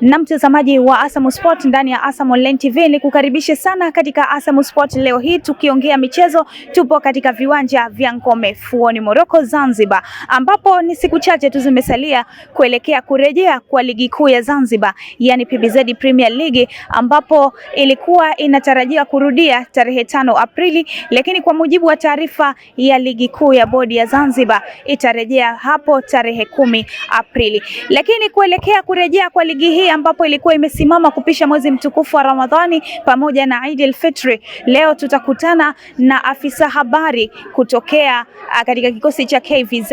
na mtazamaji wa Asam Sport ndani ya Asam Online TV, ni kukaribishe sana katika Asam Sport. Leo hii tukiongea michezo, tupo katika viwanja vya Ngome Fuoni Moroko, Zanzibar, ambapo ni siku chache tu zimesalia kuelekea kurejea kwa ligi kuu ya Zanzibar, yani PBZ Premier League, ambapo ilikuwa inatarajiwa kurudia tarehe tano Aprili, lakini kwa mujibu wa taarifa ya ligi kuu ya bodi ya Zanzibar itarejea hapo tarehe kumi Aprili, lakini kuelekea kurejea kwa ligi hii ambapo ilikuwa imesimama kupisha mwezi mtukufu wa Ramadhani pamoja na Eid al Leo tutakutana na afisa habari kutokea ah, katika kikosi cha KVZ,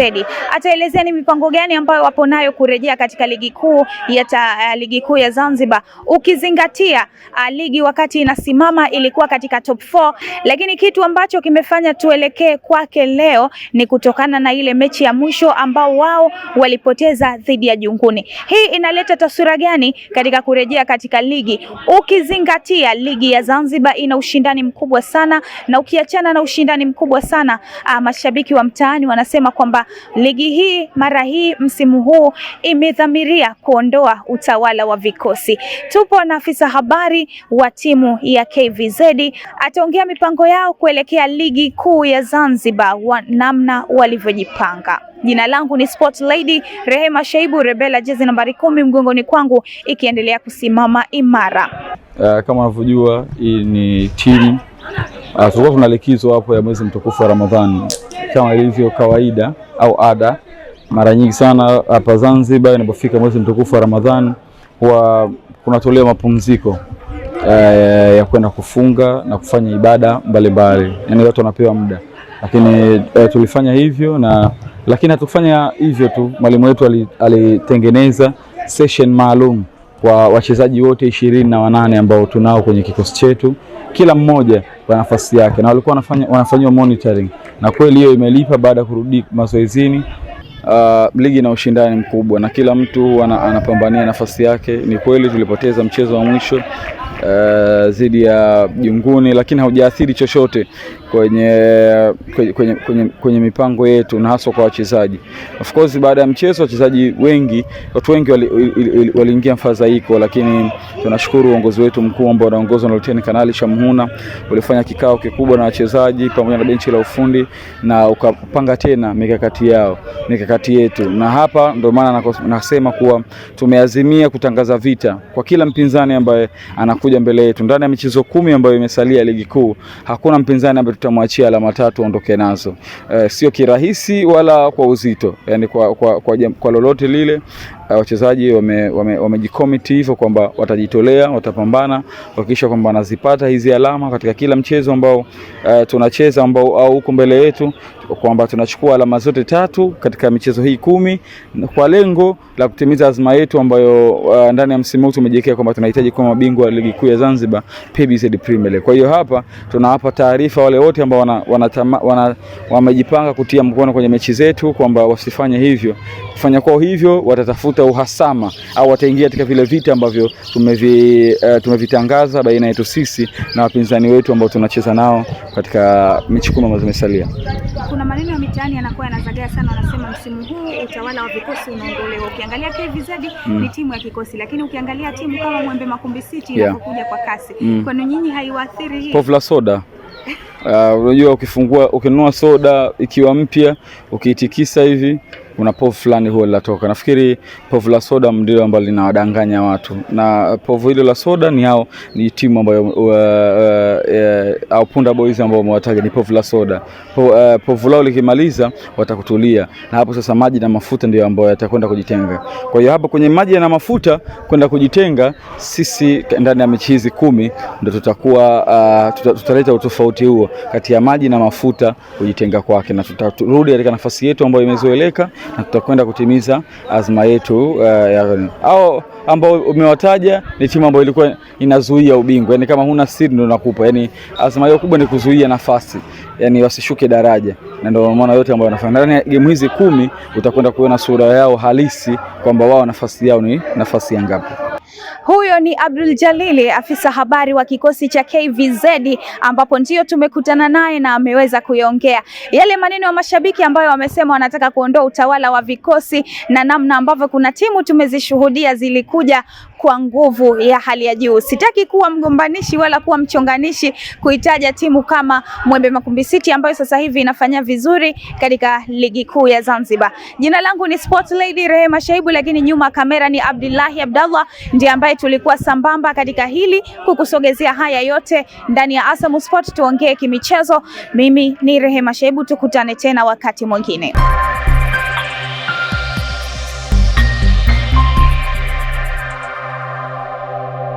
ataelezea ni mipango gani ambayo wapo nayo kurejea katika ligi kuu ya ta, ah, ligi kuu ya Zanzibar, ukizingatia ah, ligi wakati inasimama ilikuwa katika top 4, lakini kitu ambacho kimefanya tuelekee kwake leo ni kutokana na ile mechi ya mwisho ambao wao walipoteza dhidi ya Junguni. Hii inaleta taswira gani ushindani katika kurejea katika ligi, ukizingatia ligi ya Zanzibar ina ushindani mkubwa sana, na ukiachana na ushindani mkubwa sana ah, mashabiki wa mtaani wanasema kwamba ligi hii mara hii msimu huu imedhamiria kuondoa utawala wa vikosi. Tupo na afisa habari wa timu ya KVZ ataongea mipango yao kuelekea ligi kuu ya Zanzibar wa namna walivyojipanga. Jina langu ni Sport Lady Rehema Shaibu Rebela, jezi nambari kumi mgongoni kwangu ikiendelea kusimama imara. Uh, kama unavyojua hii ni timu uh, ah, tulikuwa tuna likizo hapo ya mwezi mtukufu wa Ramadhani kama ilivyo kawaida au ada mara nyingi sana hapa Zanzibar inapofika mwezi mtukufu wa Ramadhani huwa kunatolewa mapumziko eh, ya kwenda kufunga na kufanya ibada mbalimbali, yaani watu wanapewa muda, lakini eh, tulifanya hivyo na lakini hatukufanya hivyo tu, mwalimu wetu alitengeneza session maalum kwa wachezaji wote ishirini na wanane ambao tunao kwenye kikosi chetu, kila mmoja kwa nafasi yake, na walikuwa wanafanyiwa monitoring, na kweli hiyo imelipa baada ya kurudi mazoezini uh, ligi na ushindani mkubwa na kila mtu ana, anapambania nafasi yake. Ni kweli tulipoteza mchezo wa mwisho Uh, ya Junguni lakini haujaathiri chochote kwenye, kwenye, kwenye, kwenye kwenye mipango yetu na haswa kwa wachezaji. Of course baada ya mchezo wachezaji wengi, watu wengi waliingia wali mfadhaiko, lakini tunashukuru uongozi wetu mkuu ambao unaongozwa na Luteni Kanali Shamhuna ulifanya kikao kikubwa na wachezaji pamoja na benchi la ufundi na ukapanga tena mikakati yao mikakati kati yetu, na hapa ndio maana nasema kuwa tumeazimia kutangaza vita kwa kila mpinzani ambaye anakuja mbele yetu. Ndani ya michezo kumi ambayo imesalia ligi kuu, hakuna mpinzani ambaye tutamwachia alama tatu aondoke nazo, e, sio kirahisi wala kwa uzito, yani kwa, kwa, kwa, kwa lolote lile Eh, wachezaji wamejikomiti wame hivyo kwamba watajitolea, watapambana kuhakikisha kwamba wanazipata hizi alama katika kila mchezo ambao uh, tunacheza ambao au huko mbele yetu kwamba tunachukua alama zote tatu katika michezo hii kumi kwa lengo la kutimiza azma yetu ambayo uh, ndani ya msimu huu tumejiwekea kwamba tunahitaji kuwa mabingwa wa ligi kuu ya Zanzibar PBZ Premier League. Kwa hiyo hapa tunawapa taarifa wale wote ambao wanatama, wana, wamejipanga kutia mkono kwenye mechi zetu kwamba wasifanye hivyo. Kufanya kwao hivyo watatafuta kuvuta uhasama au wataingia katika vile vita ambavyo tumevi, uh, tumevitangaza baina yetu sisi na wapinzani wetu ambao tunacheza nao katika mechi kumi ambazo zimesalia. Kuna maneno ya mitaani yanakuwa yanazagaa sana, wanasema msimu huu utawala wa vikosi unaondolewa. Ukiangalia KVZ mm. ni timu ya kikosi, lakini ukiangalia timu kama Mwembe Makumbi City yeah. inapokuja kwa kasi mm. kwani nyinyi haiwaathiri hii Povla la soda ah, unajua uh, ukifungua ukinunua soda ikiwa mpya ukiitikisa hivi kuna povu fulani huwa linatoka. Nafikiri povu la soda ndio ambalo linawadanganya watu, na povu hilo la soda ni hao, ni timu ambayo uh, uh, uh, au Punda Boys ambao wamewataja ni povu la soda. Po, uh, povu lao likimaliza watakutulia, na hapo sasa maji na mafuta ndio ambayo yatakwenda kujitenga. Kwa hiyo hapo kwenye maji na mafuta kwenda kujitenga, sisi ndani ya mechi hizi kumi ndio tutakuwa uh, tuta, tutaleta utofauti huo kati ya maji na mafuta kujitenga kwake, na tutarudi katika nafasi yetu ambayo imezoeleka na tutakwenda kutimiza azma yetu uh, ya au ambao umewataja ni timu ambayo ilikuwa inazuia ubingwa, yani kama huna siri ndio nakupa, yani azma hiyo kubwa ni kuzuia nafasi, yani wasishuke daraja, na ndio maana yote ambayo wanafanya ndani ya game hizi kumi utakwenda kuona sura yao halisi kwamba wao nafasi yao ni nafasi ya ngapi. Huyo ni Abdul Jalili, afisa habari wa kikosi cha KVZ, ambapo ndio tumekutana naye na ameweza kuyaongea yale maneno ya mashabiki ambayo wamesema wanataka kuondoa utawala wa vikosi na namna ambavyo kuna timu tumezishuhudia zilikuja kwa nguvu ya hali ya juu. Sitaki kuwa mgombanishi wala kuwa mchonganishi kuitaja timu kama Mwembe Makumbi City ambayo sasa hivi inafanya vizuri katika ligi kuu ya Zanzibar. Jina langu ni Sports Lady Rehema Shaibu, lakini nyuma kamera ni Abdullahi Abdallah ndiye ambaye tulikuwa sambamba katika hili kukusogezea haya yote ndani ya Asam Sport, tuongee kimichezo. Mimi ni Rehema Shaibu, tukutane tena wakati mwingine.